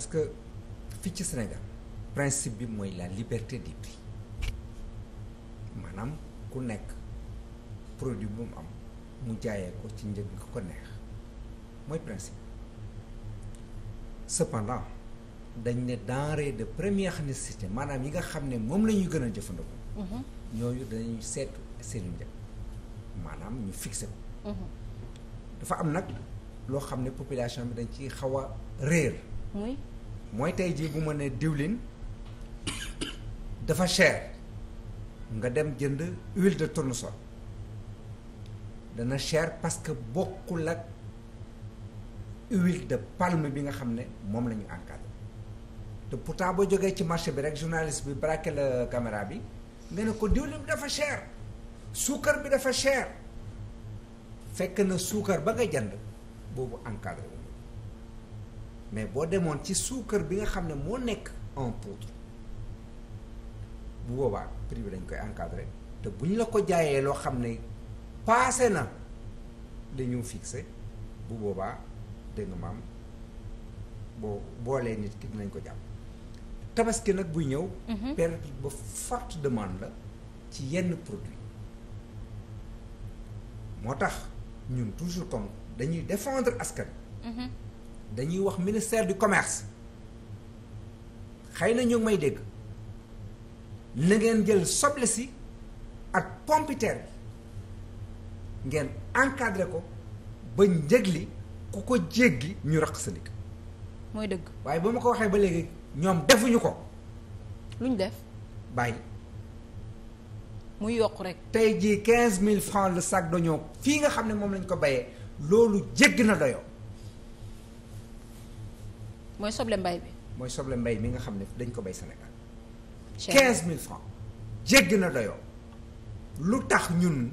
parce que fii ci Sénégal principe bi mooy la liberté des prix maanaam ku nekk produit bu mu am mu jaayee ko ci njëg nga ko neex mooy principe cependant dañ ne denrée de première nécessité maanaam yi nga xam ne moom la ñuy gën a jëfandikoo. Mhm. ñooñu dañuy seetu seen njëg maanaam ñu fixé ko. Mhm. dafa am nag loo xam ne population bi dañ ci xaw a réer. mooy tey jii bu ma nee diwlin dafa cher nga dem jënd huile de tournesol dana cher parce que bokkul ak huile de bi nga xam ne moom la ñu encadré te pourtant ba jógee ci marché bi rek journaliste bi braqué la caméra bi nga ne ko diwlin bi dafa cher suukar bi dafa cher fekk na suukar ba nga jënd boobu encadré wu mais boo demoon ci suukar bi nga xam ne moo nekk en poudre bu boobaa prix bi dañ koy encadré te bu ñu la ko jaayee loo xam ne paase na li ñu fixé bu boobaa dégg maam boo boolee nit ki dinañ ko jàpp tabaski nag buy ñëw. Mhm. période ba forte demande la ci yenn produit moo tax ñun toujours comme dañuy défendre askan. Mhm. dañuy wax ministère du commerce xëy na ñu ngi may dégg na ngeen jël soble si ak pompiteer ngeen encadré ko ba njëg li ku ko jéggi ñu raq sa ndigg mooy dëgg waaye ba ma ko waxee ba léegi ñoom defuñu ko luñ def bàyyi muy yokk rek tey jii quinze mille francs la sac d'oignon fii nga xam ne moom lañ ko bayee loolu jégg na doyoo mooy soble mbay bi. mooy soble mbay mi nga xam ne dañ ko bay Sénégal. cher mille francs jégg na doyoo. lu tax ñun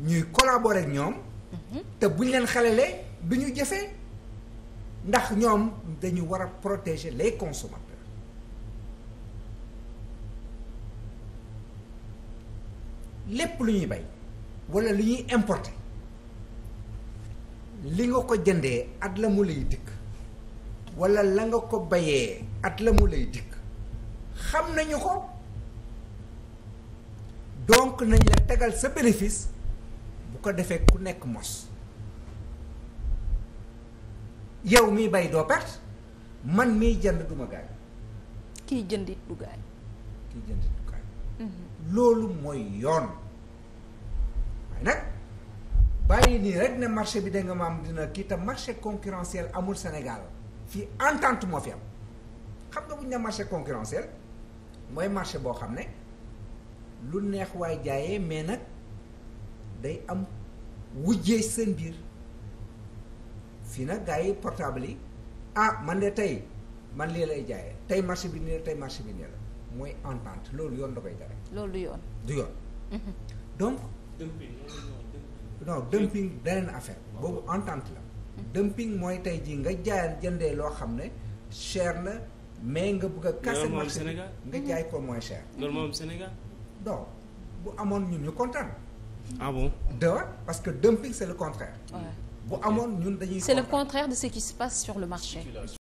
ñuy collaborer ñoom. Mhm. te buñ leen xalalee du ñu jëfee. ndax ñoom dañu war a protéger lay consommateurs. lépp lu ñuy bay walla lu ñuy importé li nga ko jëndee ak la mu lay dikk. wala la nga ko bayee at la mu lay dikk xam nañu ko donk nañ la tegal sa bénéfice bu ko defee ku nekk mos yow miy bay doo perte man mi jënd duma gaañ kiy jëndit du gaañ mhm. loolu mooy yoon waaye nag bàyyi nii rek ne marché bi da nga am dina kii te marché concurrentiel amul Sénégal fii entente moo fi am xam nga bu ñu ne marché concurrentiel mooy marché boo xam ne lu neex waay jaayee mais nag day am wujjee seen biir fii nag gars yi portable yi ah man de tey man lii lay jaayee tey marché bi nii tey marché bi nii la mooy entente loolu yoon da koy tere. loolu du yoon. du yoon. Mhm. donc. dumping non dumping beneen affaire boobu entente la. dumping mooy tey jii nga jaayal jëndee loo xam ne cher na mais nga bëgg a casser marché nga jaay ko moins cher. loolu moom Sénégal. do bu amoon ñun ñu kontaan. ah bon de parce que dumping c'est le contraire. bu amoon ñun dañuy. c'est le contraire de ce qui se passe sur le marché.